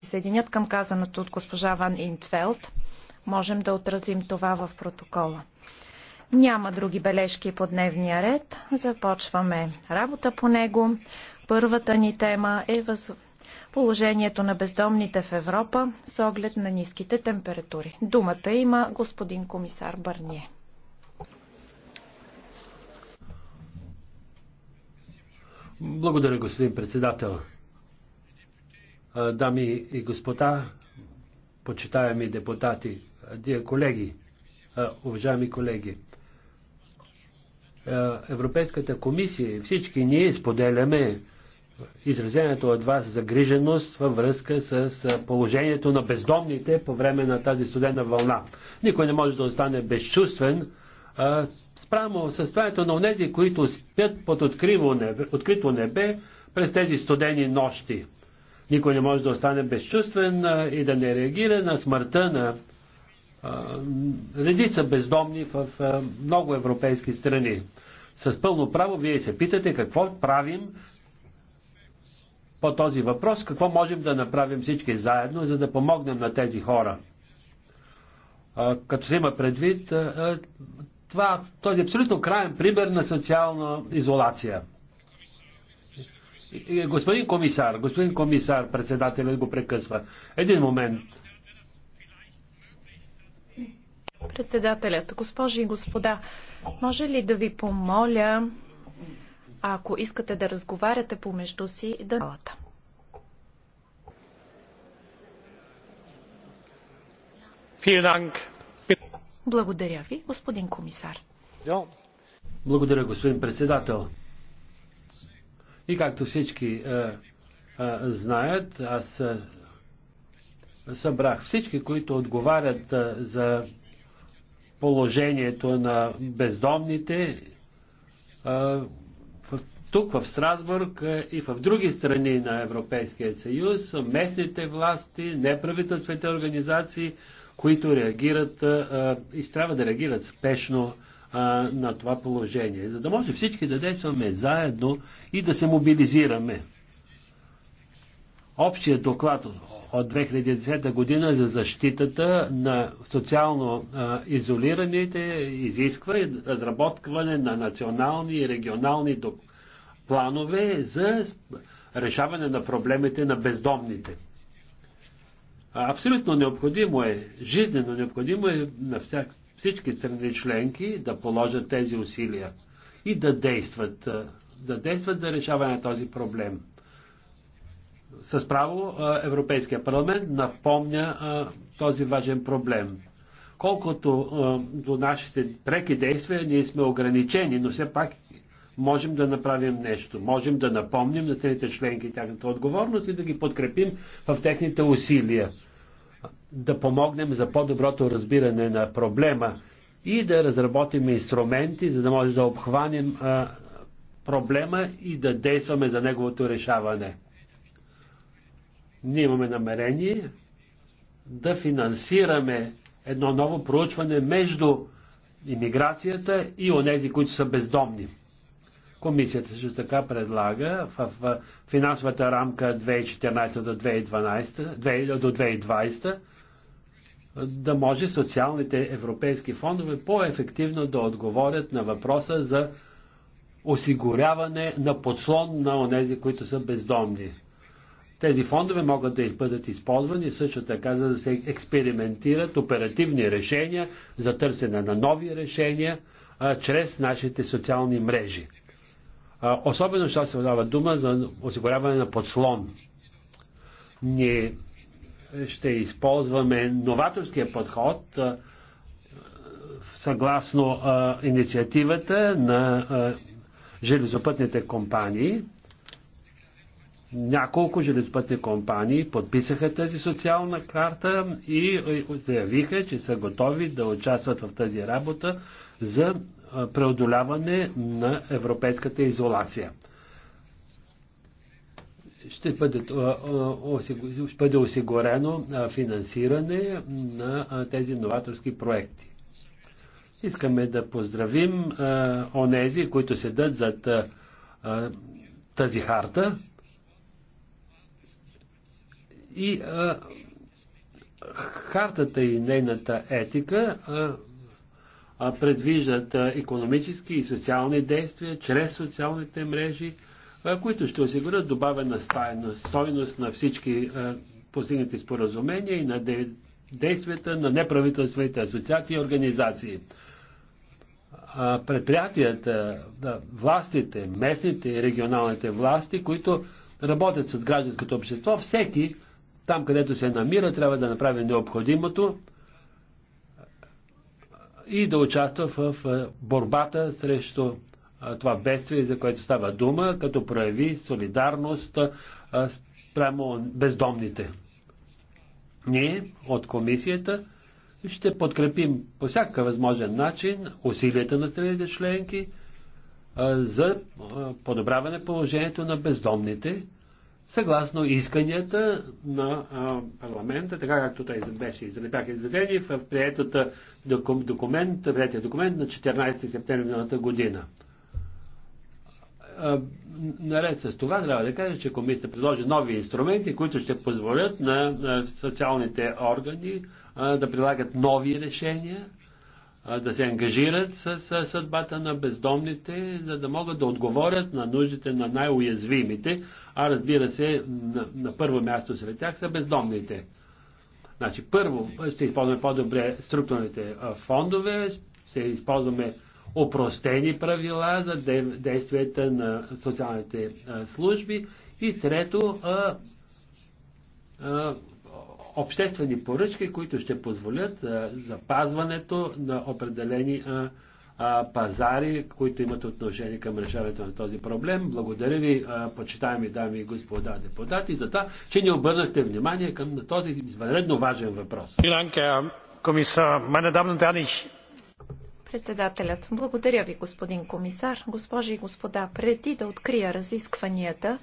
присъединят към казаното от госпожа Ван Интфелд. Можем да отразим това в протокола. Няма други бележки по дневния ред. Започваме работа по него. Първата ни тема е въз... положението на бездомните в Европа с оглед на ниските температури. Думата има господин комисар Барние. Благодаря, господин председател дами и господа, почитаеми депутати, дие колеги, уважаеми колеги. Европейската комисия и всички ние споделяме изразението от вас загриженост във връзка с положението на бездомните по време на тази студена вълна. Никой не може да остане безчувствен спрямо състоянието на тези, които спят под открито небе през тези студени нощи. Никой не може да остане безчувствен и да не реагира на смъртта на редица бездомни в много европейски страни. С пълно право вие се питате какво правим по този въпрос, какво можем да направим всички заедно, за да помогнем на тези хора. Като се има предвид това, този е абсолютно крайен пример на социална изолация. Господин комисар, господин комисар, председателят го прекъсва. Един момент. Председателят, госпожи и господа, може ли да ви помоля, ако искате да разговаряте помежду си, да залата? Благодаря ви, господин комисар. Благодаря, господин председател. И както всички а, е, а, е, знаят, аз а, е, събрах всички, които отговарят а, за положението на бездомните а, в, тук в Страсбург а, и в други страни на Европейския съюз, местните власти, неправителствените организации, които реагират а, и трябва да реагират спешно а, на това положение, за да може всички да действаме заедно и да се мобилизираме. Общият доклад от 2010 година за защитата на социално а, изолираните изисква разработване на национални и регионални док... планове за решаване на проблемите на бездомните. Абсолютно необходимо е, жизнено необходимо е на всяка всички страни членки да положат тези усилия и да действат, да действат за решаване на този проблем. С право Европейския парламент напомня този важен проблем. Колкото до нашите преки действия, ние сме ограничени, но все пак можем да направим нещо. Можем да напомним на страните членки тяхната отговорност и да ги подкрепим в техните усилия да помогнем за по-доброто разбиране на проблема и да разработим инструменти, за да може да обхванем а, проблема и да действаме за неговото решаване. Ние имаме намерение да финансираме едно ново проучване между иммиграцията и онези, които са бездомни. Комисията също така предлага в финансовата рамка 2014 до 2012, до 2020 да може социалните европейски фондове по-ефективно да отговорят на въпроса за осигуряване на подслон на онези, които са бездомни. Тези фондове могат да бъдат използвани също така, за да се експериментират оперативни решения за търсене на нови решения а, чрез нашите социални мрежи. А, особено, що се дава дума за осигуряване на подслон. Ние ще използваме новаторския подход а, съгласно а, инициативата на а, железопътните компании. Няколко железопътни компании подписаха тази социална карта и заявиха, че са готови да участват в тази работа за преодоляване на европейската изолация. Ще бъде, ще бъде осигурено финансиране на тези новаторски проекти. Искаме да поздравим онези, които седат зад тази харта и хартата и нейната етика предвиждат економически и социални действия чрез социалните мрежи, които ще осигурят добавена стойност, стойност на всички постигнати споразумения и на действията на неправителствените асоциации и организации. Предприятията, властите, местните и регионалните власти, които работят с гражданското общество, всеки там, където се намира, трябва да направи необходимото, и да участва в борбата срещу това бедствие, за което става дума, като прояви солидарност спрямо бездомните. Ние от комисията ще подкрепим по всякакъв възможен начин усилията на страните членки за подобряване положението на бездомните съгласно исканията на а, парламента, така както той беше, бяха изведени в приятата документ, приятия документ на 14 септември миналата година. А, наред с това трябва да кажа, че комисията предложи нови инструменти, които ще позволят на, на социалните органи а, да прилагат нови решения да се ангажират с съдбата на бездомните, за да могат да отговорят на нуждите на най-уязвимите, а разбира се, на, на първо място сред тях са бездомните. Значи, първо ще използваме по-добре структурните фондове, ще използваме опростени правила за действията на социалните служби и трето, обществени поръчки, които ще позволят запазването на определени пазари, които имат отношение към решаването на този проблем. Благодаря ви, почитаеми дами и господа депутати, за това, че ни обърнахте внимание към на този извънредно важен въпрос. Председателят, благодаря ви, господин комисар. Госпожи и господа, преди да открия разискванията,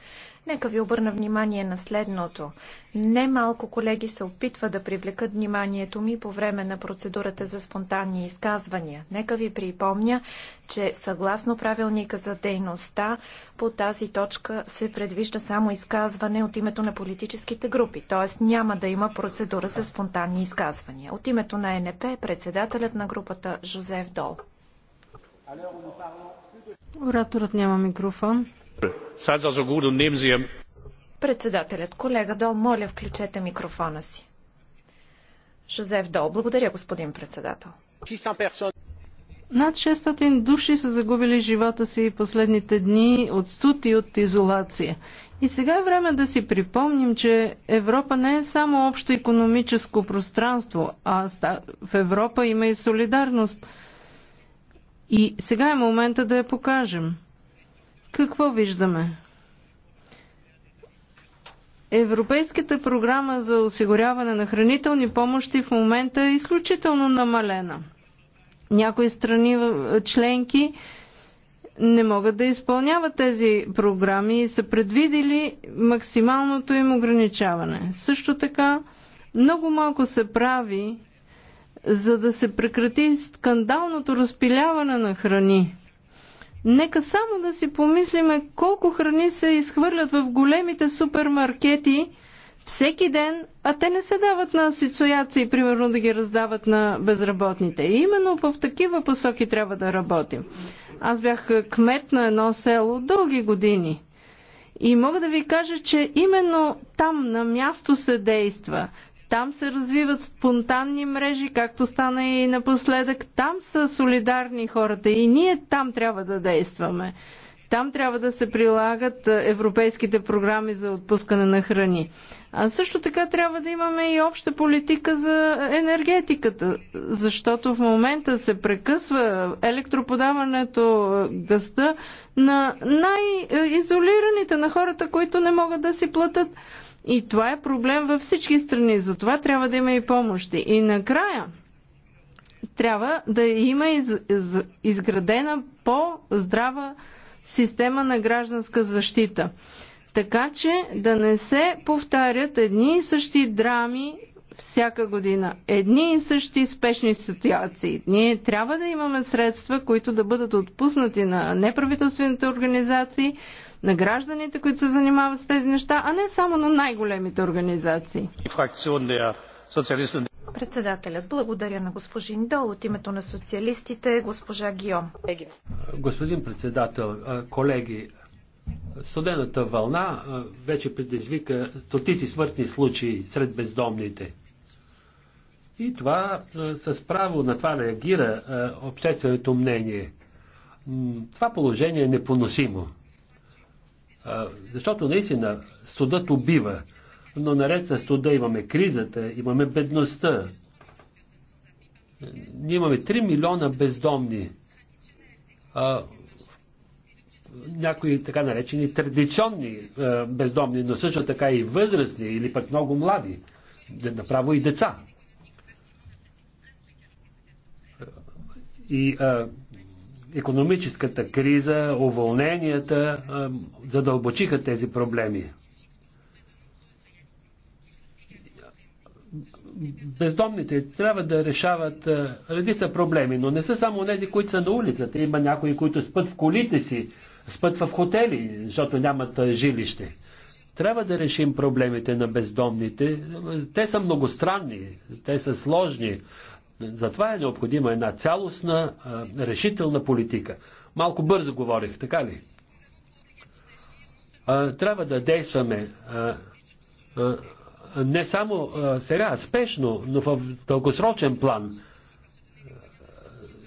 Нека ви обърна внимание на следното. Немалко колеги се опитва да привлекат вниманието ми по време на процедурата за спонтанни изказвания. Нека ви припомня, че съгласно правилника за дейността по тази точка се предвижда само изказване от името на политическите групи, т.е. няма да има процедура за спонтанни изказвания. От името на НП председателят на групата Жозеф Дол. Ораторът няма микрофон. Председателят, колега Дол, моля, включете микрофона си. Жозеф Дол, благодаря, господин председател. Над 600 души са загубили живота си последните дни от студ и от изолация. И сега е време да си припомним, че Европа не е само общо економическо пространство, а в Европа има и солидарност. И сега е момента да я покажем. Какво виждаме? Европейската програма за осигуряване на хранителни помощи в момента е изключително намалена. Някои страни членки не могат да изпълняват тези програми и са предвидели максималното им ограничаване. Също така, много малко се прави, за да се прекрати скандалното разпиляване на храни. Нека само да си помислиме колко храни се изхвърлят в големите супермаркети всеки ден, а те не се дават на асоциации, примерно да ги раздават на безработните. И именно в такива посоки трябва да работим. Аз бях кмет на едно село дълги години. И мога да ви кажа, че именно там на място се действа. Там се развиват спонтанни мрежи, както стана и напоследък. Там са солидарни хората и ние там трябва да действаме. Там трябва да се прилагат европейските програми за отпускане на храни. А също така трябва да имаме и обща политика за енергетиката, защото в момента се прекъсва електроподаването гъста на най-изолираните, на хората, които не могат да си платят и това е проблем във всички страни. Затова трябва да има и помощи. И накрая трябва да има из, из, изградена по-здрава система на гражданска защита. Така че да не се повтарят едни и същи драми всяка година. Едни и същи спешни ситуации. Ние трябва да имаме средства, които да бъдат отпуснати на неправителствените организации, на гражданите, които се занимават с тези неща, а не само на най-големите организации. Председателят, благодаря на госпожин Дол от името на социалистите, госпожа Гиом. Господин председател, колеги, студената вълна вече предизвика стотици смъртни случаи сред бездомните. И това с право на това реагира общественото мнение. Това положение е непоносимо. Защото наистина студът убива, но наред с студа имаме кризата, имаме бедността. Ние имаме 3 милиона бездомни. някои така наречени традиционни бездомни, но също така и възрастни или пък много млади, направо и деца. И а, економическата криза, уволненията задълбочиха тези проблеми. Бездомните трябва да решават редица проблеми, но не са само тези, които са на улицата. Има някои, които спът в колите си, спът в хотели, защото нямат жилище. Трябва да решим проблемите на бездомните. Те са многостранни, те са сложни. Затова е необходима една цялостна, решителна политика. Малко бързо говорих, така ли? Трябва да действаме не само сега, спешно, но в дългосрочен план.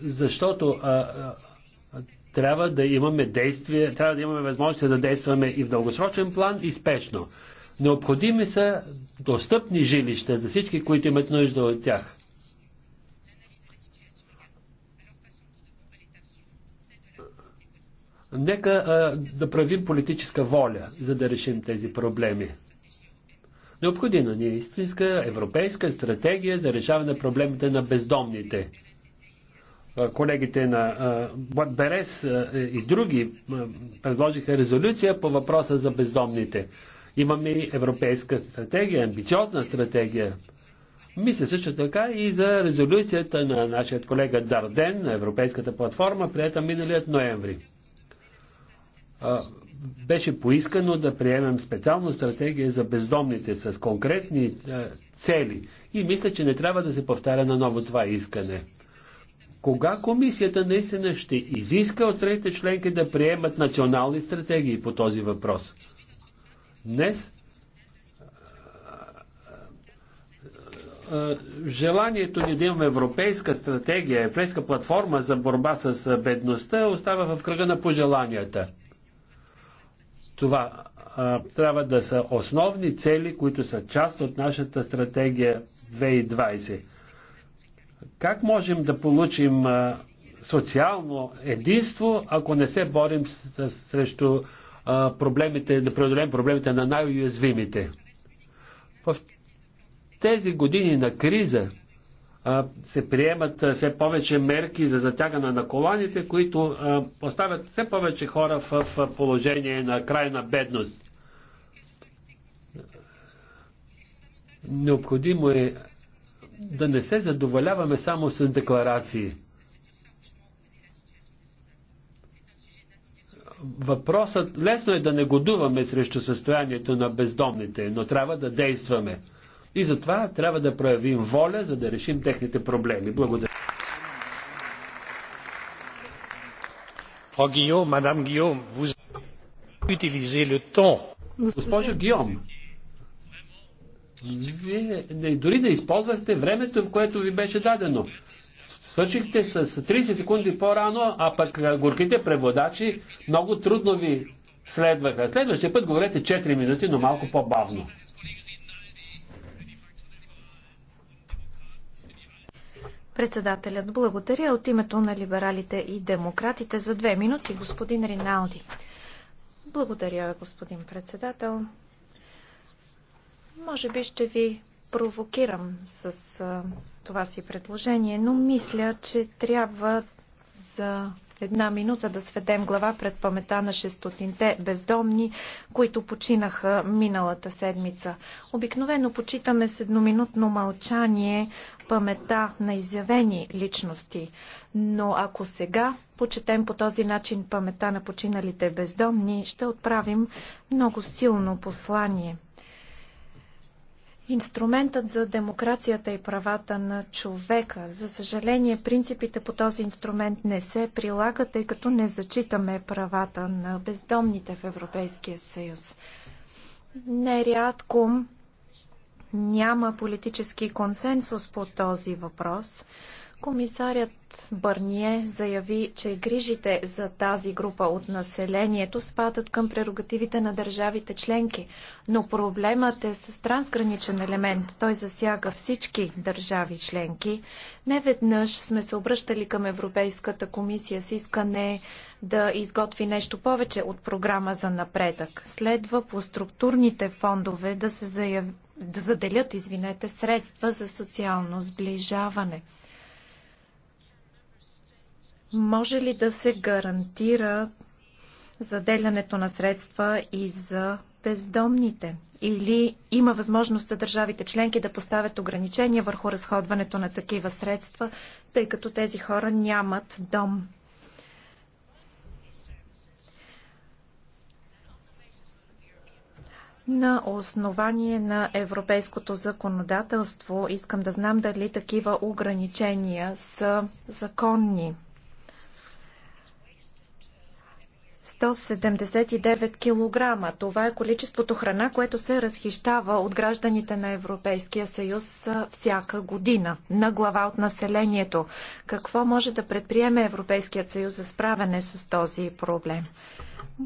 Защото трябва да имаме действие, трябва да имаме възможност да действаме и в дългосрочен план, и спешно. Необходими са достъпни жилища за всички, които имат нужда от тях. Нека а, да правим политическа воля, за да решим тези проблеми. Необходима ни е истинска европейска стратегия за решаване на проблемите на бездомните. Колегите на Берес е, и други предложиха резолюция по въпроса за бездомните. Имаме и европейска стратегия, амбициозна стратегия. Мисля също така и за резолюцията на нашия колега Дарден на Европейската платформа, прията миналият ноември беше поискано да приемем специална стратегия за бездомните с конкретни е, цели. И мисля, че не трябва да се повтаря на ново това искане. Кога комисията наистина ще изиска от страните членки да приемат национални стратегии по този въпрос? Днес е, е, желанието ни да имаме европейска стратегия, европейска платформа за борба с бедността остава в кръга на пожеланията. Това а, трябва да са основни цели, които са част от нашата стратегия 2020. Как можем да получим а, социално единство, ако не се борим с, срещу а, проблемите, да преодолеем проблемите на най-уязвимите? В тези години на криза се приемат все повече мерки за затягане на коланите, които поставят все повече хора в положение на крайна бедност. Необходимо е да не се задоволяваме само с декларации. Въпросът лесно е да негодуваме срещу състоянието на бездомните, но трябва да действаме. И затова трябва да проявим воля, за да решим техните проблеми. Благодаря. Госпожо Гиом, вие дори да използвахте времето, в което ви беше дадено. Свършихте с 30 секунди по-рано, а пък горките преводачи много трудно ви следваха. Следващия път говорете 4 минути, но малко по-бавно. Председателят благодаря от името на либералите и демократите за две минути, господин Риналди. Благодаря, господин председател. Може би ще ви провокирам с това си предложение, но мисля, че трябва за една минута да сведем глава пред памета на 600-те бездомни, които починаха миналата седмица. Обикновено почитаме с едноминутно мълчание памета на изявени личности. Но ако сега почетем по този начин памета на починалите бездомни, ще отправим много силно послание – Инструментът за демокрацията и правата на човека. За съжаление, принципите по този инструмент не се прилагат, тъй като не зачитаме правата на бездомните в Европейския съюз. Нерядко няма политически консенсус по този въпрос. Комисарят Барние заяви, че грижите за тази група от населението спадат към прерогативите на държавите членки, но проблемът е с трансграничен елемент. Той засяга всички държави членки. Не веднъж сме се обръщали към Европейската комисия с искане да изготви нещо повече от програма за напредък. Следва по структурните фондове да се да заделят, извинете, средства за социално сближаване. Може ли да се гарантира заделянето на средства и за бездомните? Или има възможност за държавите членки да поставят ограничения върху разходването на такива средства, тъй като тези хора нямат дом? На основание на европейското законодателство искам да знам дали такива ограничения са законни. 179 кг. Това е количеството храна, което се разхищава от гражданите на Европейския съюз всяка година на глава от населението. Какво може да предприеме Европейският съюз за справяне с този проблем?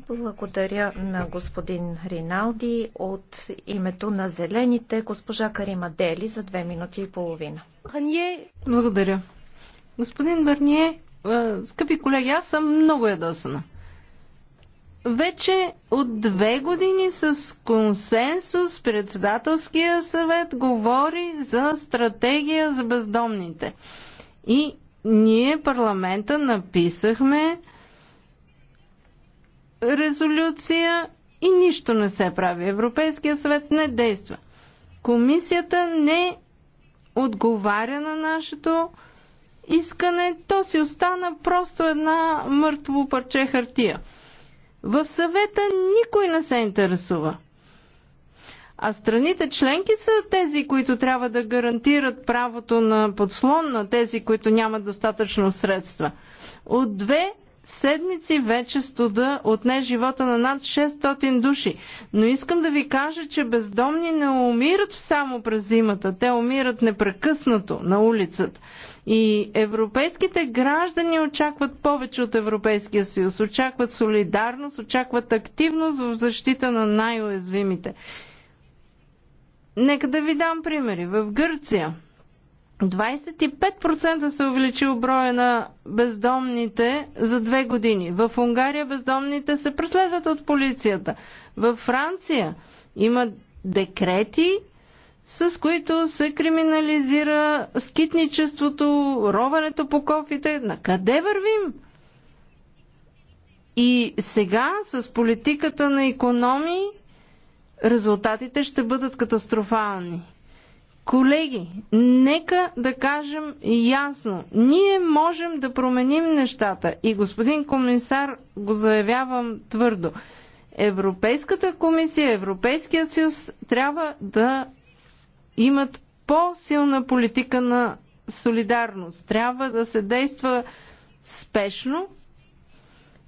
Благодаря на господин Риналди от името на Зелените, госпожа Карима Дели за две минути и половина. Благодаря. Господин Бърние, скъпи колеги, аз съм много ядосана. Вече от две години с консенсус председателския съвет говори за стратегия за бездомните. И ние парламента написахме резолюция и нищо не се прави. Европейския съвет не действа. Комисията не отговаря на нашето искане. То си остана просто една мъртво парче хартия. В съвета никой не се интересува. А страните членки са тези, които трябва да гарантират правото на подслон на тези, които нямат достатъчно средства. От две седмици вече студа отне живота на над 600 души. Но искам да ви кажа, че бездомни не умират само през зимата. Те умират непрекъснато на улицата. И европейските граждани очакват повече от Европейския съюз. Очакват солидарност, очакват активност в защита на най-уязвимите. Нека да ви дам примери. В Гърция 25% се увеличил броя на бездомните за две години. В Унгария бездомните се преследват от полицията. Във Франция има декрети, с които се криминализира скитничеството, роването по кофите. На къде вървим? И сега с политиката на економии резултатите ще бъдат катастрофални. Колеги, нека да кажем ясно. Ние можем да променим нещата. И господин комисар, го заявявам твърдо. Европейската комисия, Европейския съюз трябва да имат по-силна политика на солидарност. Трябва да се действа спешно,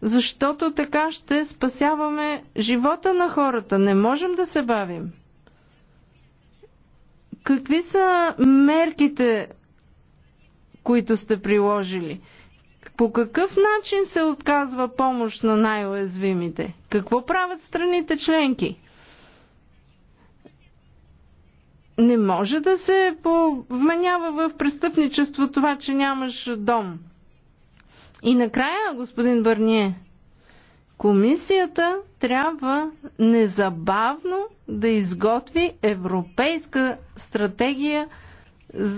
защото така ще спасяваме живота на хората. Не можем да се бавим. Какви са мерките, които сте приложили? По какъв начин се отказва помощ на най-уязвимите? Какво правят страните членки? Не може да се вменява в престъпничество това, че нямаш дом. И накрая, господин Бърние, Комисията трябва незабавно да изготви европейска стратегия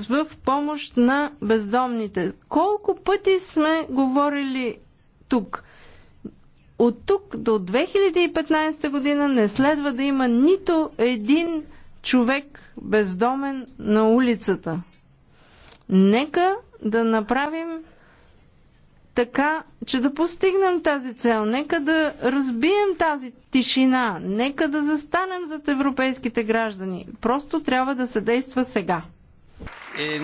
в помощ на бездомните. Колко пъти сме говорили тук? От тук до 2015 година не следва да има нито един човек бездомен на улицата. Нека да направим така, че да постигнем тази цел. Нека да разбием тази тишина. Нека да застанем зад европейските граждани. Просто трябва да се действа сега. Е,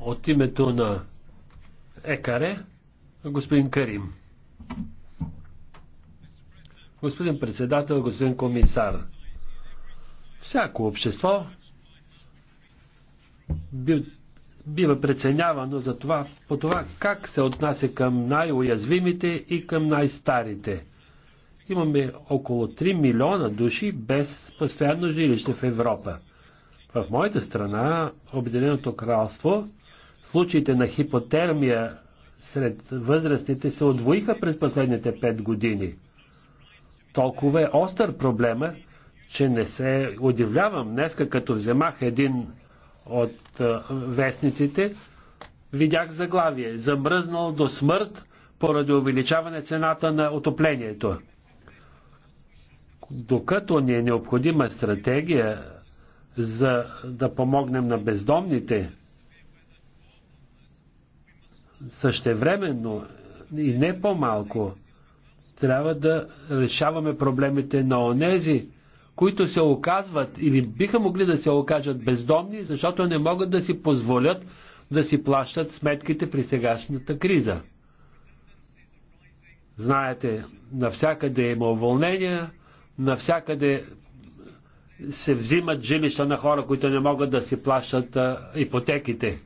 От името на Екаре, господин Карим. Господин председател, господин комисар, всяко общество би бива преценявано за това, по това как се отнася към най-уязвимите и към най-старите. Имаме около 3 милиона души без постоянно жилище в Европа. В моята страна, Обединеното кралство, случаите на хипотермия сред възрастните се отвоиха през последните 5 години. Толкова е остър проблема, че не се удивлявам днеска, като вземах един от вестниците, видях заглавие Замръзнал до смърт поради увеличаване цената на отоплението. Докато ни е необходима стратегия за да помогнем на бездомните, същевременно и не по-малко трябва да решаваме проблемите на онези, които се оказват или биха могли да се окажат бездомни, защото не могат да си позволят да си плащат сметките при сегашната криза. Знаете, навсякъде има уволнения, навсякъде се взимат жилища на хора, които не могат да си плащат а, ипотеките.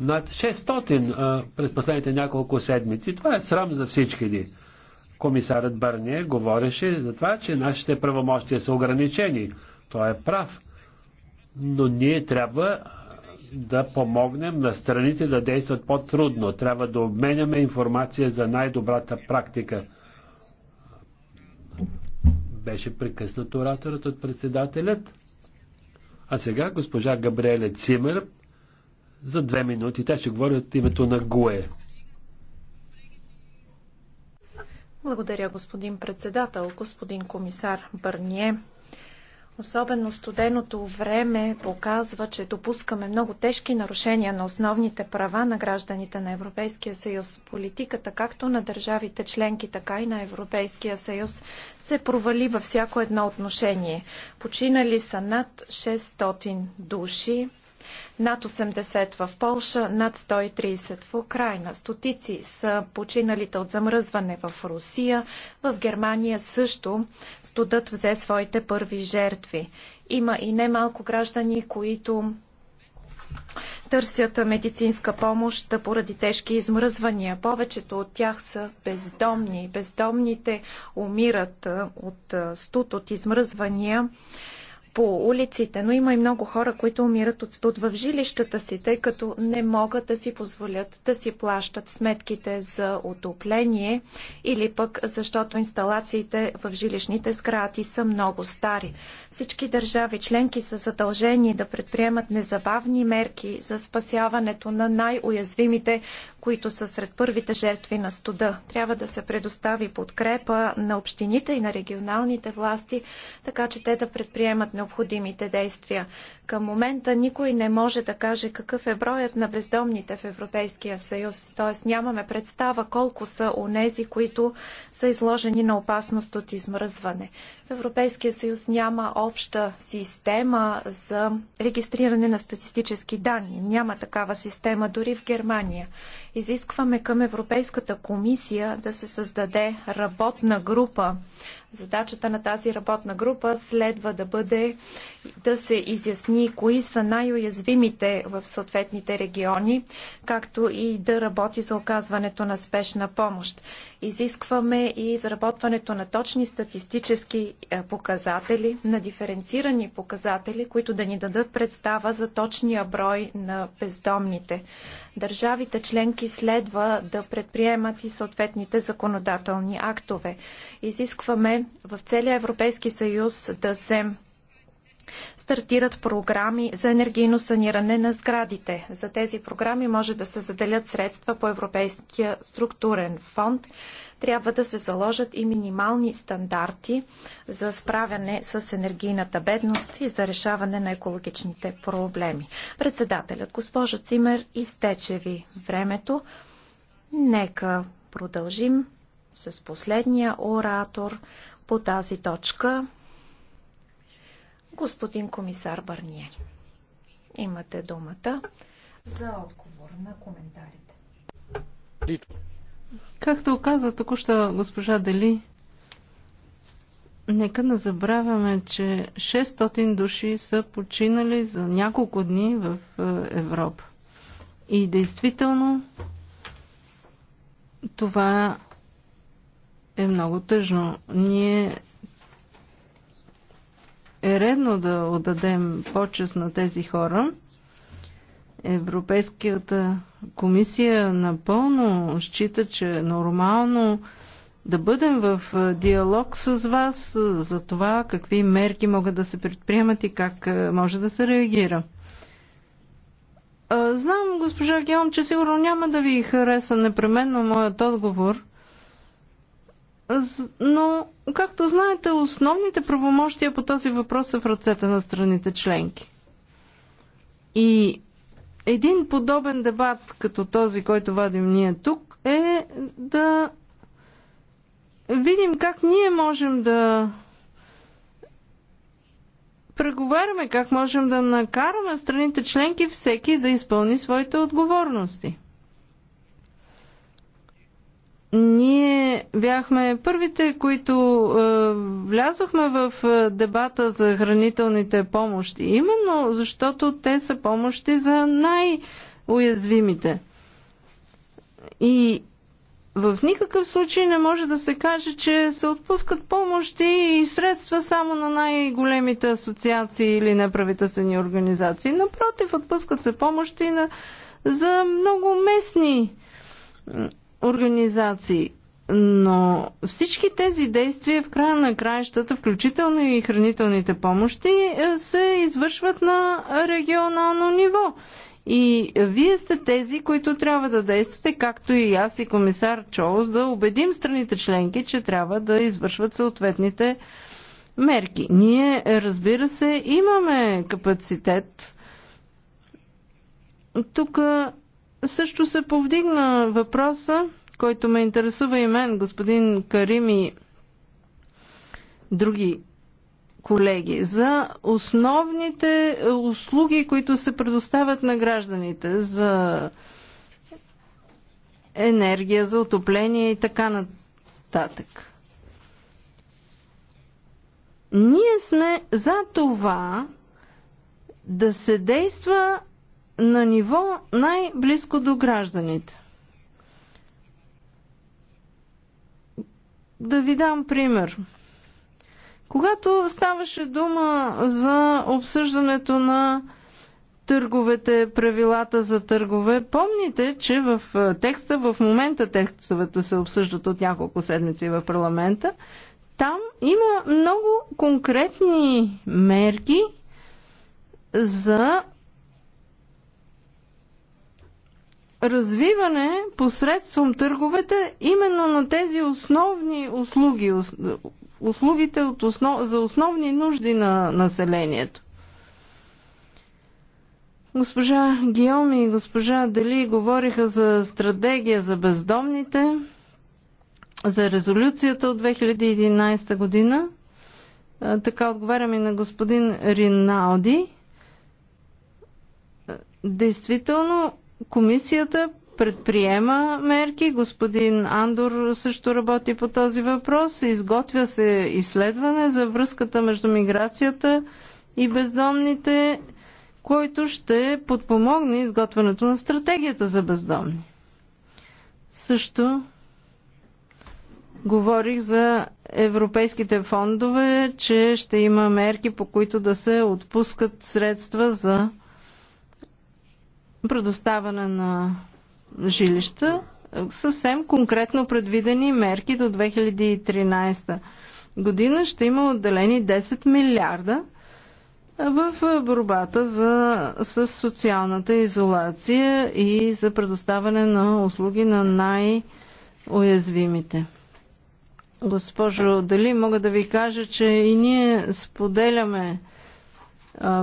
Над 600 а, през последните няколко седмици. Това е срам за всички ни комисарът Бърния говореше за това, че нашите правомощия са ограничени. Той е прав. Но ние трябва да помогнем на страните да действат по-трудно. Трябва да обменяме информация за най-добрата практика. Беше прекъснат ораторът от председателят. А сега госпожа Габриеле Цимер за две минути. Тя ще говори от името на ГУЕ. Благодаря, господин председател, господин комисар Бърние. Особено студеното време показва, че допускаме много тежки нарушения на основните права на гражданите на Европейския съюз. Политиката както на държавите членки, така и на Европейския съюз се провали във всяко едно отношение. Починали са над 600 души, над 80 в Полша, над 130 в Украина. Стотици са починалите от замръзване в Русия. В Германия също студът взе своите първи жертви. Има и немалко граждани, които търсят медицинска помощ поради тежки измръзвания. Повечето от тях са бездомни. Бездомните умират от студ, от измръзвания по улиците, но има и много хора, които умират от студ в жилищата си, тъй като не могат да си позволят да си плащат сметките за отопление или пък защото инсталациите в жилищните сгради са много стари. Всички държави членки са задължени да предприемат незабавни мерки за спасяването на най-уязвимите, които са сред първите жертви на студа. Трябва да се предостави подкрепа на общините и на регионалните власти, така че те да предприемат необходимите необходимите действия. Към момента никой не може да каже какъв е броят на бездомните в Европейския съюз, т.е. нямаме представа колко са онези, които са изложени на опасност от измръзване. В Европейския съюз няма обща система за регистриране на статистически данни. Няма такава система дори в Германия. Изискваме към Европейската комисия да се създаде работна група Задачата на тази работна група следва да бъде да се изясни кои са най-уязвимите в съответните региони, както и да работи за оказването на спешна помощ. Изискваме и изработването на точни статистически е, показатели, на диференцирани показатели, които да ни дадат представа за точния брой на бездомните. Държавите членки следва да предприемат и съответните законодателни актове. Изискваме в целия Европейски съюз да се стартират програми за енергийно саниране на сградите. За тези програми може да се заделят средства по Европейския структурен фонд. Трябва да се заложат и минимални стандарти за справяне с енергийната бедност и за решаване на екологичните проблеми. Председателят, госпожа Цимер, изтече ви времето. Нека продължим с последния оратор по тази точка. Господин комисар Барние, имате думата за отговор на коментарите. Както оказа току-що госпожа Дели, нека не забравяме, че 600 души са починали за няколко дни в е, Европа. И действително това е много тъжно. Ние е редно да отдадем почест на тези хора. Европейската комисия напълно счита, че е нормално да бъдем в диалог с вас за това какви мерки могат да се предприемат и как може да се реагира. Знам, госпожа Геом, че сигурно няма да ви хареса непременно моят отговор, но, както знаете, основните правомощия по този въпрос са в ръцете на страните членки. И един подобен дебат, като този, който вадим ние тук, е да видим как ние можем да преговаряме, как можем да накараме страните членки всеки да изпълни своите отговорности. Ние бяхме първите, които е, влязохме в е, дебата за хранителните помощи, именно защото те са помощи за най-уязвимите. И в никакъв случай не може да се каже, че се отпускат помощи и средства само на най-големите асоциации или неправителствени организации. Напротив, отпускат се помощи на, за много местни организации. Но всички тези действия в края на краищата, включително и хранителните помощи, е, се извършват на регионално ниво. И вие сте тези, които трябва да действате, както и аз и комисар Чоус, да убедим страните членки, че трябва да извършват съответните мерки. Ние, разбира се, имаме капацитет. Тук също се повдигна въпроса, който ме интересува и мен, господин Карими, други колеги, за основните услуги, които се предоставят на гражданите, за енергия, за отопление и така нататък. Ние сме за това да се действа на ниво най-близко до гражданите. Да ви дам пример. Когато ставаше дума за обсъждането на търговете, правилата за търгове, помните, че в е, текста, в момента текстовете се обсъждат от няколко седмици в парламента, там има много конкретни мерки за развиване посредством търговете именно на тези основни услуги, услугите от основ, за основни нужди на населението. Госпожа Гиоми и госпожа Дали говориха за стратегия за бездомните, за резолюцията от 2011 година. Така отговарям и на господин Риналди. Действително, Комисията предприема мерки. Господин Андор също работи по този въпрос. Изготвя се изследване за връзката между миграцията и бездомните, който ще подпомогне изготвянето на стратегията за бездомни. Също говорих за европейските фондове, че ще има мерки, по които да се отпускат средства за предоставяне на жилища, съвсем конкретно предвидени мерки до 2013 година ще има отделени 10 милиарда в борбата за, с социалната изолация и за предоставяне на услуги на най-уязвимите. Госпожо, дали мога да ви кажа, че и ние споделяме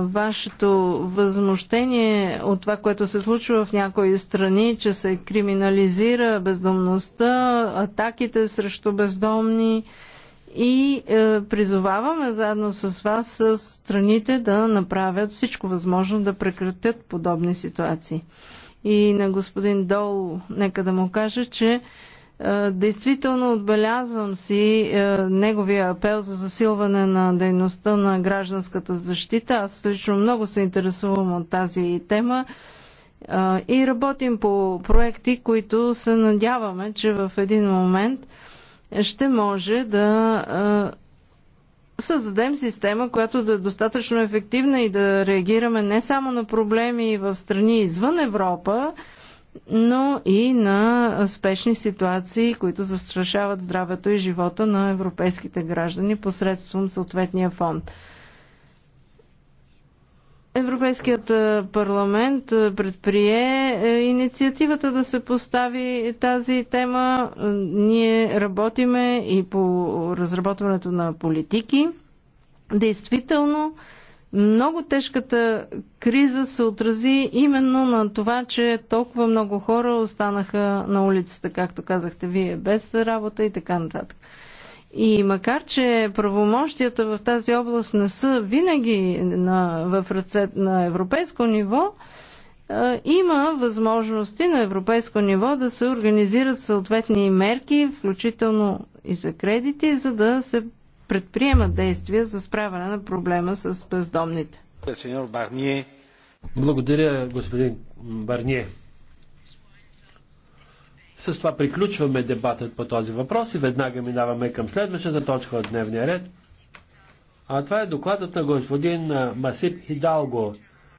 вашето възмущение от това, което се случва в някои страни, че се криминализира бездомността, атаките срещу бездомни и е, призоваваме заедно с вас с страните да направят всичко възможно да прекратят подобни ситуации. И на господин Дол нека да му кажа, че е, действително отбелязвам си е, неговия апел за засилване на дейността на гражданската защита. Аз лично много се интересувам от тази тема е, и работим по проекти, които се надяваме, че в един момент ще може да създадем система, която да е достатъчно ефективна и да реагираме не само на проблеми в страни извън Европа, но и на спешни ситуации, които застрашават здравето и живота на европейските граждани посредством съответния фонд. Европейският парламент предприе е, инициативата да се постави тази тема. Ние работиме и по разработването на политики. Действително, много тежката криза се отрази именно на това, че толкова много хора останаха на улицата, както казахте вие, без работа и така нататък. И макар, че правомощията в тази област не са винаги на, в ръце на европейско ниво, има възможности на европейско ниво да се организират съответни мерки, включително и за кредити, за да се предприемат действия за справяне на проблема с бездомните. Благодаря, господин Барние. С това приключваме дебатът по този въпрос и веднага минаваме към следващата точка от дневния ред. А това е докладът на господин Масип Хидалго